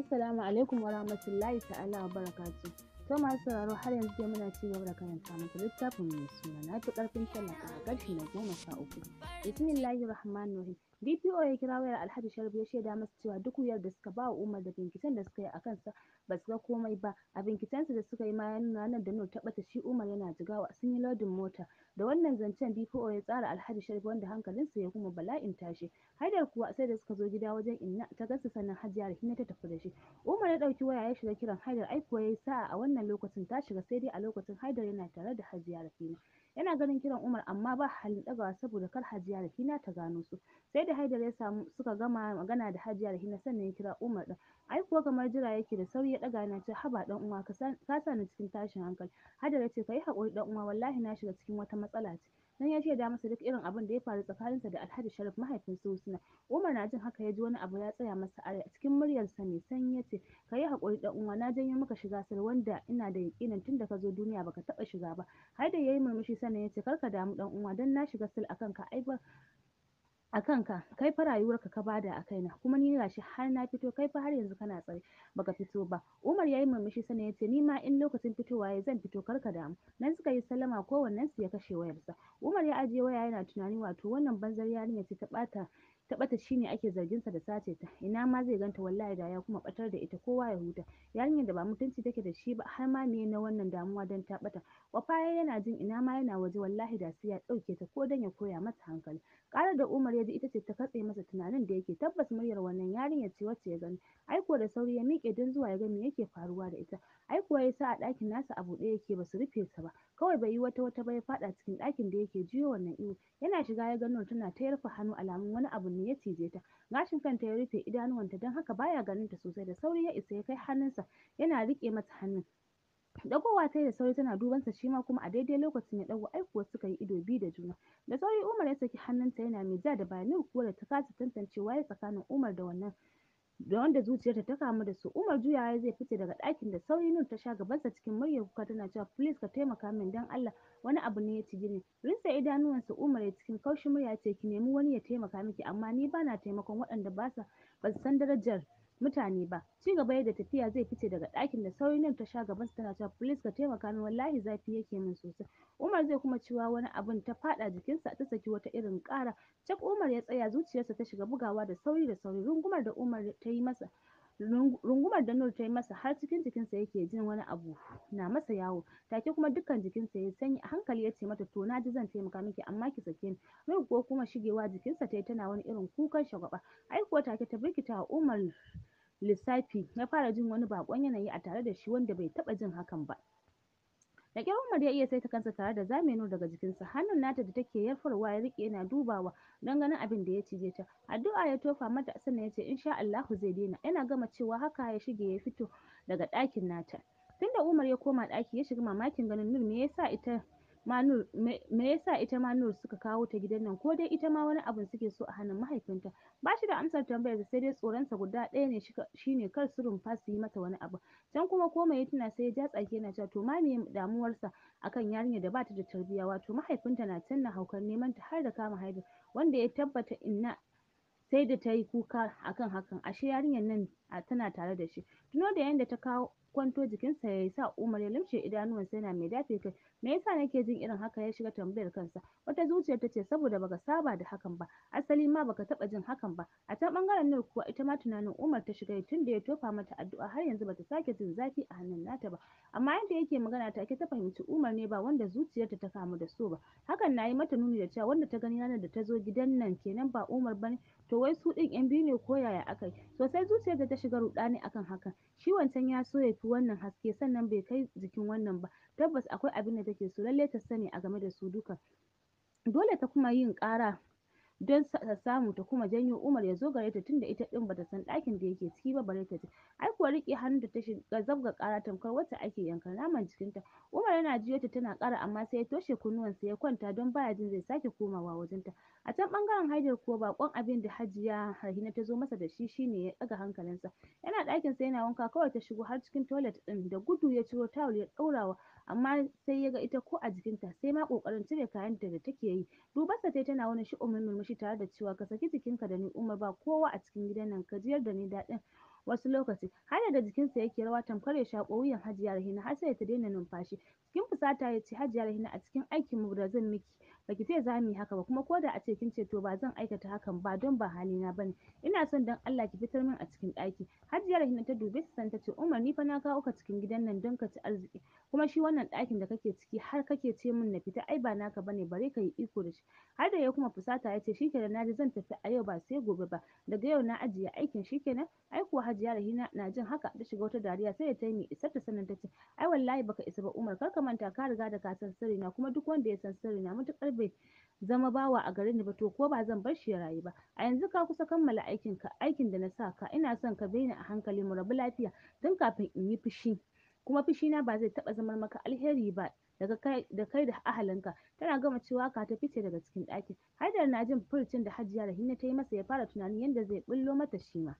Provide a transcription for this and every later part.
Assalamu alaikum wa rahmatullahi ta'ala wa barakatu. To masu sauraro har yanzu dai muna ci gaba da karanta muku littafin mai suna na fi ƙarfin talaka a ƙarfi na goma sha uku. Bismillahir Rahmanir Rahim. DPO ya kira wayar Alhaji Sharif ya shaida masa cewa duk wuyar da suka bawa Umar da binciken da suka yi akan sa ba su ga komai ba, a bincikensu da suka yi ma ya nuna ranar da Nur ta bata shi Umar yana Jigawa sun yi lodin mota. Da wannan zancen DPO ya tsara Alhaji Sharif wanda hankalin hankalinsa ya kuma bala'in tashi. Haidar kuwa sai da suka zo gida wajen Inna ta gasa sannan Hajiya Rahina ta tafi da shi. Umar ya dauki waya ya shiga kiran Haidar ai kuwa ya sa'a a wannan lokacin ta shiga sai dai a lokacin Haidar yana tare da Hajiya Rahina. yana ganin kiran Umar amma ba halin dagawa saboda kar Hajiya Rahina ta gano su. sai da Haidar ya samu suka gama magana da Hajiya da hina sannan ya kira Umar ɗin ai kuwa kamar jira yake da sauri ya ɗaga yana cewa haba ɗan uwa ka sa ni cikin tashin hankali Haidar ya ce ka yi haƙuri ɗan uwa wallahi na shiga cikin wata matsala ce nan ya shaida masa duk irin abin da ya faru tsakaninsa da Alhaji Sharif mahaifin su Umar na jin haka ya ji wani abu ya tsaya masa a cikin muryar sa mai sanyi ya ce ka yi haƙuri ɗan uwa na janyo maka shiga sir wanda ina da yakinin tun da ka zo duniya baka taɓa shiga ba Haidar ya yi murmushi sannan ya ce kar ka damu ɗan uwa dan na shiga sil akan ka ai ba a kanka kai fa rayuwarka ka bada a kaina kuma ni gashi har na fito kai fa har yanzu kana tsare baka fito ba Umar yayi murmushi sannan yace ni ma in lokacin fitowa ya zan fito kar ka damu nan suka yi sallama kowannen su ya kashe wayarsa Umar ya ajiye waya yana tunani wato wannan banzar yarinya ce ta ɓata ta ɓata ne ake zargin sa da sace ta ina ma zai ganta wallahi da ya kuma ɓatar da ita kowa ya huta yarinyar da ba mutunci take da shi ba har ma me na wannan damuwa dan ta ɓata wafa yana jin ina ma yana waje wallahi da sai ya ɗauke ta ko dan ya koya mata hankali ƙarar da Umar ya ji ita ce ta katse masa tunanin da yake tabbas muryar wannan yarinyar ce wacce ya gani aiko da sauri ya miƙe don zuwa ya ga me yake faruwa da ita aiko ya sa a ɗakin nasa a buɗe yake ba su rufe ta ba kawai bai yi wata wata ba ya faɗa cikin ɗakin da yake jiyo wannan ihu yana shiga ya gano tana ta yarfa hannu alamun wani abu ne ne ya cije ta gashin kanta ya rufe idanuwanta don haka baya ganin ta sosai da sauri ya isa ya kai hannun sa yana rike mata hannun dagowa ta da sauri tana dubansa shi ma kuma a daidai lokacin ya dago aikuwa suka yi ido biyu da juna da sauri Umar ya saki hannunta yana mai ja da baya kuwa da ta kasa tantancewa ya tsakanin Umar da wannan da wanda zuciyarta ta kamu da su Umar juyawa ya zai fice daga ɗakin da sauri Nur ta sha gabansa cikin muryar kuka tana cewa please ka taimaka min dan Allah wani abu ne ya ci ni rinsa idanuwansa Umar ya cikin kaushin murya ce ki nemi wani ya taimaka miki amma ni bana taimakon waɗanda ba sa san darajar mutane ba cigaba gaba da tafiya zai fice daga ɗakin da sauri Nan ta sha gaban sa tana cewa police ka taimaka min wallahi zafi yake min sosai Umar zai kuma cewa wani abun ta faɗa jikinsa ta saki wata irin ƙara cak Umar ya tsaya zuciyarsa ta shiga bugawa da sauri da sauri rungumar da Umar ta yi masa rungumar da Nur ta yi masa har cikin jikinsa yake jin wani abu na masa yawo take kuma dukkan jikinsa ya sanya a hankali ya ce mata to na zan taimaka miki amma ki sake ni Nur kuwa kuma shigewa jikinsa ta yi tana wani irin kukan shagwaba ai kuwa take ta birkita wa Umar lissafi ya fara jin wani baƙon yanayi a tare da shi wanda bai taɓa jin hakan ba. Da Umar ya iya saita kansa tare da zamenu daga daga jikinsa, hannun nata da take yarfarwa ya rike yana dubawa don ganin abin da ya cije ta. Addu'a ya tofa mata sannan ya ce insha Allahu zai daina. Yana gama cewa haka ya shige ya fito daga ɗakin nata. Tunda Umar ya koma ɗaki ya shiga mamakin ganin Nur me yasa ita ma Nur me yasa ita ma Nur suka kawo ta gidan nan ko dai ita ma wani abun suke so a hannun mahaifinta ba shi da amsar tambayar tambayarsa sai dai tsoronsa guda ɗaya ne shine kar su rumfa su yi mata wani abu can kuma komai ya tuna sai ya ja tsaki yana cewa to ma me damuwarsa akan yarinyar da bata da tarbiyya wato mahaifinta na can na haukan neman ta har da kama haihu? wanda ya tabbata inna sai da ta yi kuka akan hakan ashe yarinyar nan tana tare da shi tuno da yanda ta kawo kwanto jikinsa ya sa Umar ya lumshe idanuwansa yana mai dafe kai. Me yasa nake jin irin haka ya shiga tambayar kansa. Wata zuciyar ta ce saboda baka saba da hakan ba, asali ma baka taɓa jin hakan ba. A ta ɓangaren nan kuwa ita ma tunanin Umar ta shiga tun da ya tofa mata addu'a har yanzu bata sake jin zafi a hannun nata ba. Amma yadda yake magana ta take ta fahimci Umar ne ba wanda zuciyarta ta kamu da so ba. Hakan na yi mata nuni da cewa wanda ta gani ranar da ta zo gidan nan kenan ba Umar bane to wai su ɗin yan biyu ne ko yaya aka yi zuciyar da ta shiga ruɗani akan hakan shi can ya so ya fi wannan haske sannan bai kai jikin wannan ba tabbas akwai abin da take so lallai ta sani a game da su duka dole ta kuma yin ƙara don ta samu ta kuma janyo Umar ya zo gare ta tunda ita din bata san ɗakin da yake ciki ba bare ta ji. ai kuwa riƙe hannun da ta shiga zabga ƙara tamkar wacce ake yankan naman jikin ta Umar yana jiyo ta tana ƙara amma sai ya toshe kunnuwan sa ya kwanta don baya jin zai sake komawa wajen ta a can bangaren Haidar kuwa bakon abin da Hajiya Rahina ta zo masa da shi shine ya ɗaga hankalinsa yana ɗakin sa yana wanka kawai ta shigo har cikin toilet ɗin da gudu ya ciro tawul ya ɗaurawa amma sai ya ga ita ko a jikinta sai ma ƙoƙarin cire kayanta da take yi dubarsa tai tana wani shi'umin murmushi tare da cewa ka saki jikinka da ni Umar ba kowa a cikin gidan nan ka jiyar da ni daɗin wasu lokaci har da jikinsa yake rawa tamkar ya shaƙo wuyan Hajiya Rahina har sai ta daina numfashi cikin fusata ya ce Hajiya Rahina a cikin aikin mu da zan miki baki ce za mu yi haka ba kuma ko da a ce kin ce to ba zan aikata hakan ba don ba hali halina ne. ina son dan Allah ki fitar min a cikin ɗaki Hajiya Rahina ta dube san ta ce Umar ni fa na kawo ka cikin gidan nan don ka ci arziki kuma shi wannan ɗakin da kake ciki har kake ce min na fita ai ba naka bane bari kayi iko da shi har da ya kuma fusata ya da shikenan ji zan tafi a yau ba sai gobe ba daga yau na ajiye aikin shikenan ai kuwa Hajiya Rahina na jin haka ta shiga wata dariya sai ta tayi mai isar ta sannan tace ai wallahi baka isa ba Umar kar ka manta ka riga da ka san sirrina kuma duk wanda ya san na matukar bai zama bawa a garin ni ba to ko ba zan bar shi ya rayu ba a yanzu ka kusa kammala aikin ka aikin da na sa ka ina son ka daina ni a hankali mu rabu lafiya tun kafin in yi fushi kuma fushina ba zai taɓa zamar maka alheri ba da kai da ahalinka tana gama cewa ka ta fice daga cikin ɗakin haidar na jin furcin da hajiya da hinna ta yi masa ya fara tunanin yadda zai bullo mata shi ma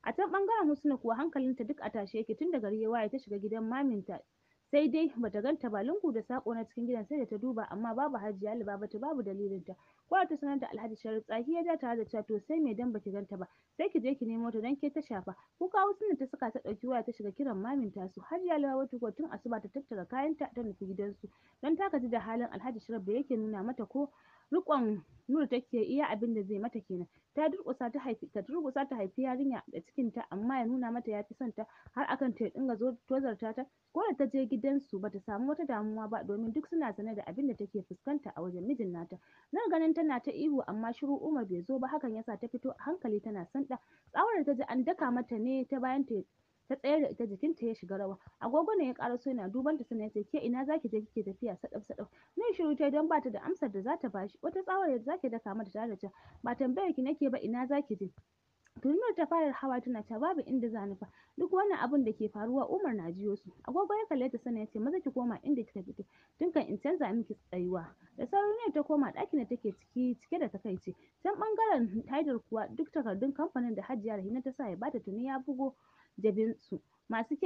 a can ɓangaren husna kuwa hankalinta duk a tashe yake tun daga gari ya ta shiga gidan maminta sai dai bata ganta ba lungu da sako na cikin gidan sai da ta duba amma babu hajiya libabatu babu dalilinta Kura ta sanar da Alhaji Sharif tsaki ya ja tare da cewa sai mai dan baki ganta ba sai ki je ki nemo ta don ke ta shafa. Kuka Husna ta saka ta ɗauki waya ta shiga kiran mamin su har ya lawa tuko tun asuba ta tattara kayanta ta nufi gidansu don ta gaji da halin Alhaji Sharif da yake nuna mata ko riƙon Nur take iya abin da zai mata kenan ta durƙusa ta haifi ta durƙusa ta haifi yarinya da cikin ta amma ya nuna mata yafi son ta har akan ta ya dinga tozarta ta ko da taje gidansu bata samu wata damuwa ba domin duk suna sane da abin da take fuskanta a wajen mijin nata nan ganin tana ta ihu amma shiru Umar bai zo ba hakan yasa ta fito a hankali tana son ɗa ta taji an daka mata ne ta bayan ta ta tsayar da ita jikinta ya shiga rawa agogo ne ya so yana duban ta sannan yace ke ina zaki je kike tafiya sadaf sadaf ne shiru ta dan bata da amsar da zata bashi wata tsawar da zaki daka mata tare da ba tambayar ki nake ba ina zaki je Tunuwar ta fara hawa tana ta babu inda za nufa duk wannan abun da ke faruwa Umar na jiyo su agogo ya kalle ta sannan yace maza ki koma inda kika fito tun kan in canza miki tsayuwa da sauri ne ta koma ɗakin da take ciki cike da takaici can bangaren Haidar kuwa duk takardun kamfanin da Hajiya Rahina ta sa ya bata tuni ya bugo jabinsu masu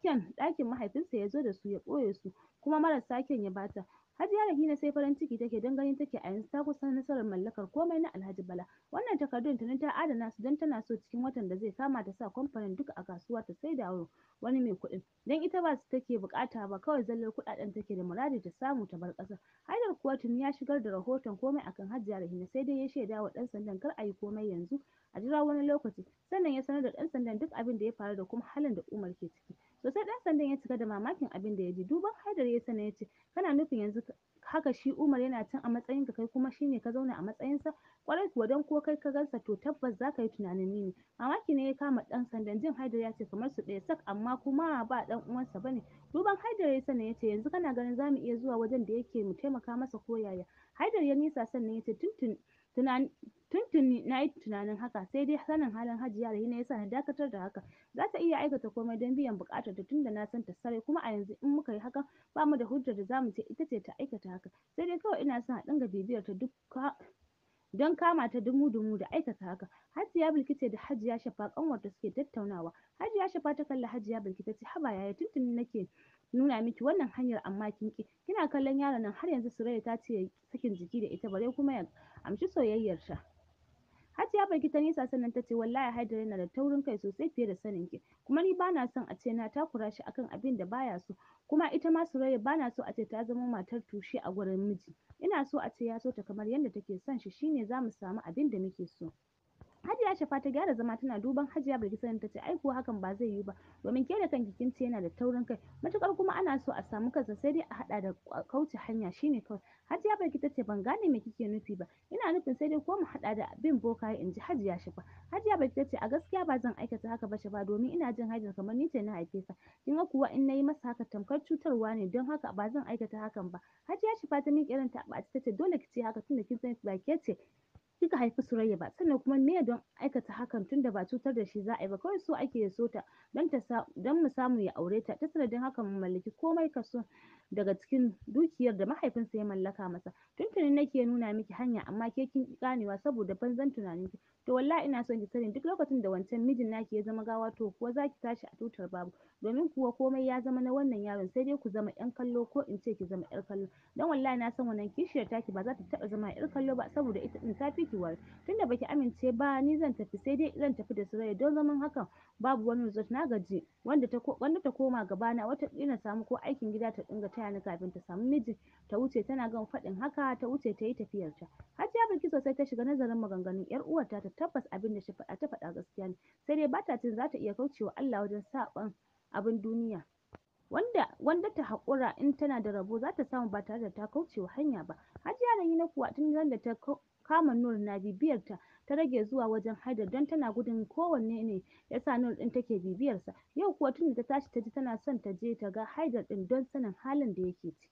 kyan ɗakin mahaifinsa ya zo da su ya ɓoye su kuma marasa kyan ya bata ya Rahina sai farin ciki take don ganin take a yanzu ta kusan nasarar mallakar komai na Alhaji Bala. Wannan takardun ta ta adana su don tana so cikin watan da zai kama ta sa kamfanin duka a kasuwa ta sai da wani mai kuɗin. Don ita ba su take bukata ba kawai zallar kuɗaɗen take da muradi ta samu ta bar ƙasar. Haidar kuwa tuni ya shigar da rahoton komai akan Hajiya Rahina sai dai ya shaida wa ɗan sandan kar a yi komai yanzu a jira wani lokaci sannan ya sanar da ɗan sandan duk abin da ya faru da kuma halin da Umar ke ciki. Sosai ɗan sandan ya cika da mamakin abin da ya ji. Duban Haidar ya sannan ya ce, kana nufin yanzu haka shi Umar yana can a matsayin ka kai kuma shi ne ka zauna a matsayinsa? Kwarai kuwa don ko kai ka gansa to tabbas za ka yi tunanin ni ne. Mamaki ne ya kama ɗan sandan jin Haidar ya ce kamar su ɗaya sak amma kuma ba ɗan uwansa ba ne. Duban Haidar ya sannan ya ce yanzu kana ganin za mu iya zuwa wajen da yake mu taimaka masa ko yaya. Haidar ya nisa sannan ya ce tuntun ne na yi tunanin haka sai dai sanin halin Hajiya Rahina ya sa na dakatar da haka? Za ta iya aikata komai don biyan ta tunda na san ta sarai kuma a yanzu in muka yi haka ba mu da hujjar da za mu ce ita ce ta aikata haka? Sai dai kawai ina son a dinga bibiyar ta duk don kama ta dumu-dumu da aikata haka. Hajiya Bilki ce da Hajiya Shafa ƙanwarta suke tattaunawa. Hajiya Shafa ta kalli Hajiya Bilki ta ce haba yaya tuntuni nake nuna miki wannan hanyar amma kin ki kina kallon yaron nan har yanzu Surayya ta ce sakin jiki da ita bare kuma ya amshi soyayyar ta. ya barki ta nisa sannan ta ce wallahi Haidar yana da taurin kai sosai fiye da sanin ki kuma ni bana son a ce na takura shi akan abin da baya so kuma ita ma suraya bana so a ce ta zama matar tushe a gurin miji ina so a ce ya so ta kamar yadda take son shi shine zamu samu abin da muke so. Hajiya Shafa ta gyara zama tana duban Hajiya Bilkisu ta ce ai kuwa hakan ba zai yiwu ba domin ke da kanki kin ce yana da taurin kai matukar kuma ana so a samu kansa sai dai a haɗa da kauce hanya shine kawai Hajiya Bilkisu ta ce ban gane me kike nufi ba ina nufin sai dai ko mu haɗa da bin bokaye in ji Hajiya Shafa Hajiya Bilkisu ta ce a gaskiya ba zan aikata haka ba Shafa domin ina jin haijin kamar ni ce na haife sa kin ga kuwa in nayi masa haka tamkar cutarwa ne don haka ba zan aikata hakan ba Hajiya Shafa ta miƙe ranta a ɓace ta ce dole ki ce haka tunda kin san ba ke ce kika haifi Surayya ba sannan kuma me don aikata hakan tunda ba cutar da shi za a yi ba kawai so ake ya so ta don ta mu samu ya aure ta ta sanadin hakan mu mallaki komai kaso daga cikin dukiyar da mahaifinsa ya mallaka masa tuntuni nake nuna miki hanya amma ke kin ganewa saboda banzan tunaninki to wallahi ina son ki sani duk lokacin da wancan mijin naki ya zama gawa to kuwa zaki tashi a tutar babu domin kuwa komai ya zama na wannan yaron sai dai ku zama 'yan kallo ko in ce ki zama ƴar kallo dan wallahi na san wannan kishiyar taki ba za ta taba zama 'yar kallo ba saboda ita din ta fi ki Tun tunda baki amince ba ni zan tafi sai dai zan tafi da Suraya don zaman hakan babu wani result na gaji wanda ta wanda ta koma gabana wata na samu ko aikin gida ta dinga taya ni kafin ta samu miji ta wuce tana gan faɗin haka ta wuce ta yi tafiyarta Hajiya Bilkisu sai ta shiga nazarin maganganun uwar ta ta tabbas abin da ta faɗa gaskiya ne sai dai ba ta jin za ta iya kaucewa Allah wajen saɓan abin duniya wanda wanda ta haƙura in tana da rabo za ta samu ba tare da ta kaucewa hanya ba Hajiya na kuwa tun da ta kama Nur na bibiyar ta ta rage zuwa wajen Haidar don tana gudun kowanne ne yasa Nur din take bibiyar sa yau kuwa tun da ta tashi ta ji tana son ta je ta ga Haidar din don sanin halin da yake ciki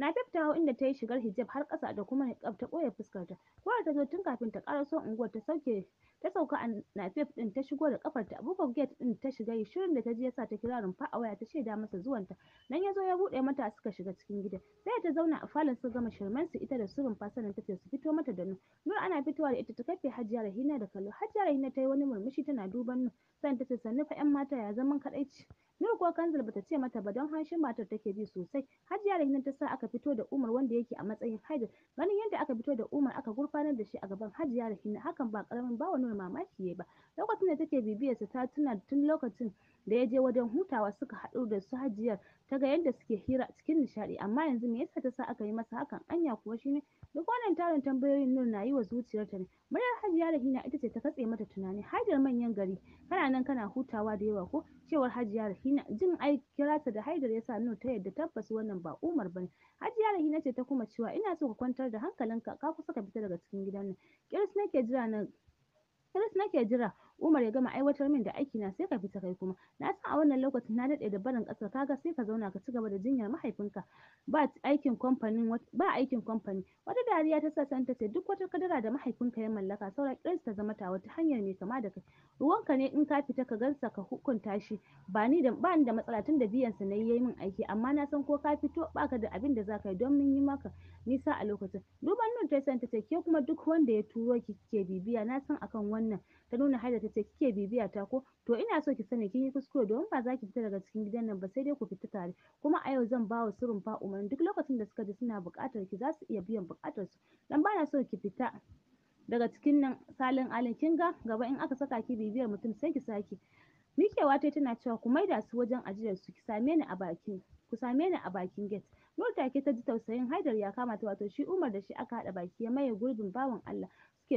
Nafef ta hau inda tayi shigar hijab har ƙasa da kuma niqab ta ɓoye fuskarta. ko ta zo tun kafin ta ƙaraso unguwar ta sauke ta sauka a Nafef ɗin ta shigo da ƙafarta a buga gate ɗin ta shiga yi shirin da ta ji yasa ta kira rumfa a waya ta shaida masa zuwanta. Nan ya zo ya buɗe mata suka shiga cikin gida Sai ta zauna a falon suka gama shirmen su ita da su rumfa sannan ta su fito mata da nu Nur ana fitowa da ita ta kafe Hajiya Rahina da kallo. Hajiya Rahina ta yi wani murmushi tana duban Nur. Sannan ta ce sannu fa 'yan mata ya zaman ci Nur ko kanzil bata ce mata ba don hanshin matar take bi sosai. Hajiya Rahina ta sa aka fito da Umar wanda yake a matsayin haida. Ganin yadda aka fito da Umar aka gurfanar da shi a gaban Hajiya hina hakan ba karamin bawa wani mamaki ba. Lokacin da take sa ta tuna tun lokacin da ya je wajen hutawa suka haɗu da su hajiyar ta ga yadda suke hira cikin nishaɗi amma yanzu me yasa ta sa aka yi masa hakan anya kuwa shine duk wannan tarin tambayoyin nur na yi wa zuciyarta ne muryar hajiya da hina ita ce ta katse mata tunani hajiyar manyan gari kana nan kana hutawa da yawa ko cewar hajiya da Rahina jin ai kira ta da Haidar ya sa ta yadda tabbas wannan ba Umar bane. Hajiya Rahina ce ta kuma cewa ina so ka kwantar da hankalinka ka kusa ka fita daga cikin gidan nan. Kiris nake jira nan Kiris nake jira Umar ya gama aiwatar min da aiki na sai ka fita kai kuma. Na san a wannan lokacin na daɗe da barin ƙasar ga sai ka zauna ka ci gaba da jinyar mahaifinka. Ba aikin kamfanin ba aikin kamfani. Wata dariya ta sa ta ce duk wata kadara da mahaifinka ya mallaka saura kiransu ta zama ta wata hanyar mai kama da kai. Ruwanka ne in ka fita ka gansa ka hukunta shi. Ba ni da ba ni da matsala tun da biyansa na yi min aiki amma na san ko ka fito baka da abin da za ka yi don mun yi maka nisa a lokacin. Duban nun ta santa ta ce ke kuma duk wanda ya turo ki ke bibiya na san akan wannan ta nuna da ta ce kike bibiya ta ko to ina so ki sani kin yi kuskure domin ba za ki fita daga cikin gidan nan ba sai dai ku fita tare kuma a yau zan bawa su rumfa umarni duk lokacin da suka ji suna buƙatar ki za su iya biyan buƙatar su dan bana so ki fita daga cikin nan salin alin kin ga gaba in aka saka ki bibiyar mutum sai ki sake mikewa tai tana cewa ku maida su wajen ajiyar su ki same ni a bakin ku same ni a bakin gate Nur take ta ji tausayin Haidar ya kama ta wato shi Umar da shi aka haɗa baki ya maye gurbin bawan Allah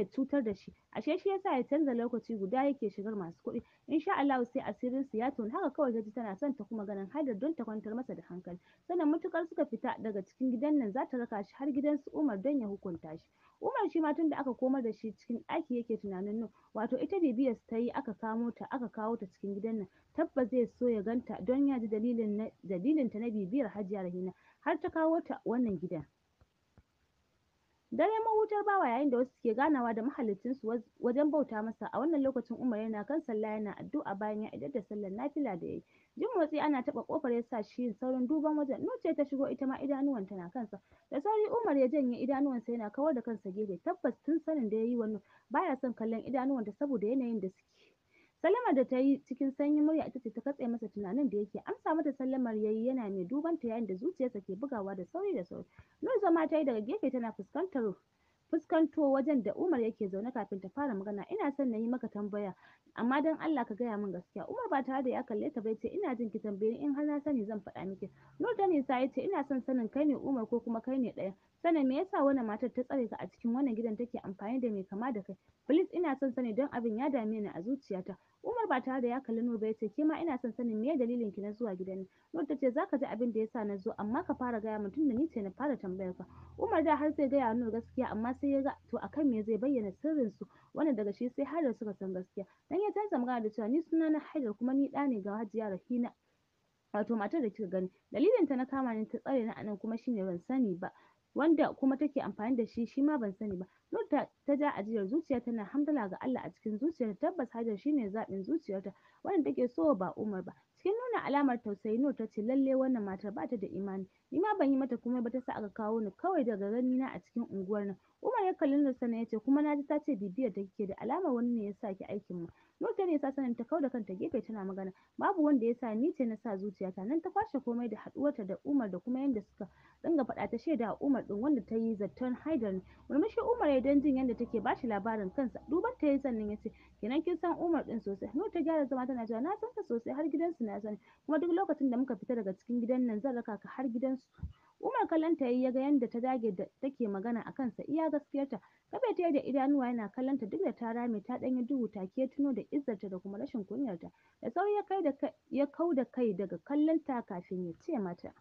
suke cutar da shi ashe shi yasa ya canza lokaci guda yake shigar masu kuɗi insha Allahu sai asirin su ya tuna haka kawai ta ji tana son ta kuma ganin hada don ta kwantar masa da hankali sannan matukar suka fita daga cikin gidan nan zata raka shi har gidan su Umar don ya hukunta shi Umar shi ma tun da aka komar da shi cikin ɗaki yake tunanin nan wato ita bibiyar ta yi aka kamo ta aka kawo ta cikin gidan nan tabbas zai so ya ganta don ya ji dalilin ta na bibiyar Hajiya Rahina har ta kawo ta wannan gidan Dare mahutar bawa yayin da wasu suke ganawa da su wajen bauta masa, a wannan lokacin Umar yana kan sallah yana addu'a bayan ya idar da sallar nafila da yayi. Jin motsi ana taɓa ƙofar ya sa shi yin saurin duban wajen. Nur ta shigo ita ma idanuwanta na kansa. Da sauri Umar ya janye idanuwansa yana kawar da kansa gefe tabbas tun sanin da yayi yi Nur baya son kallon idanuwanta saboda yanayin da suke. Sallamar da ta yi cikin sanyin murya ita ce ta katse masa tunanin da yake amsa mata sallamar ya yi yana mai duban ta yayin da zuciyarsa ke bugawa da sauri da sauri. Nur zama ta yi daga gefe tana fuskantar fuskanto wajen da Umar yake zaune kafin ta fara magana ina son na yi maka tambaya amma don Allah ka gaya min gaskiya Umar ba tare da ya kalle ta bai ce ina jin ki tambaye in har na sani zan faɗa miki Nur da Nisa ya ce ina son sanin kai ne Umar ko kuma kai ne ɗaya sannan me yasa wannan matar ta tsare ka a cikin wannan gidan take amfani da mai kama da kai please ina son sani don abin ya dame ni a zuciyata Umar ba tare da ya kalli Nur ba ya ce ke ma ina son sanin me dalilin ki na zuwa gidan Nur ta ce zaka ji abin da yasa na zo amma ka fara gaya min tunda ni ce na fara tambayar ka Umar da har sai gaya Nur gaskiya amma sai ya ga to akan me zai bayyana sirrin su wannan daga shi sai Haidar suka san gaskiya dan ya canza magana da cewa ni suna na Haidar kuma ni ɗa ne ga Hajiya Rahina wato matar da kika gani dalilin ta na kama ni ta tsare ni anan kuma shine ban sani ba wanda kuma take amfani da shi shi ma ban sani ba Nur ta ta ja ajiyar zuciya tana hamdala ga Allah a cikin zuciyarta tabbas Hajar shine zaɓin zuciyarta wanda take so ba Umar ba cikin nuna alamar tausayi Nur ta ce lalle wannan matar bata da imani ni ma ban yi mata komai ba ta sa aka kawo ni kawai daga gani na a cikin unguwar nan Umar ya kalli na sannan ya ce kuma na ji ta ce bibiyar da kike da alama wani ne ya sa ki aikin mu. Nur ya ne sa sanin ta kauda kanta gefe tana magana babu wanda ya sa ni ce na sa zuciyata nan ta kwashe komai da haduwarta da Umar da kuma yadda suka dinga faɗa ta shaida Umar ɗin wanda ta yi zaton Haidar ne. Murmushi Umar ya dan jin yadda take bashi labarin kansa duban ta yi sannan ya ce kenan kin san Umar din sosai. Nur ta gyara zama tana cewa na san sosai har gidansu na sani kuma duk lokacin da muka fita daga cikin gidan nan zan raka ka har gidansu. Umar kallonta yayi ya yanda ta dage da take magana a kansa iya gaskiyarta. Kafe ta da idanuwa yana kallonta duk da ta rame ta danyi duhu take tuno da izzarta da kuma rashin kunyarta. Da sauri ya kai da ya kau da kai daga kallonta kafin ya ce mata.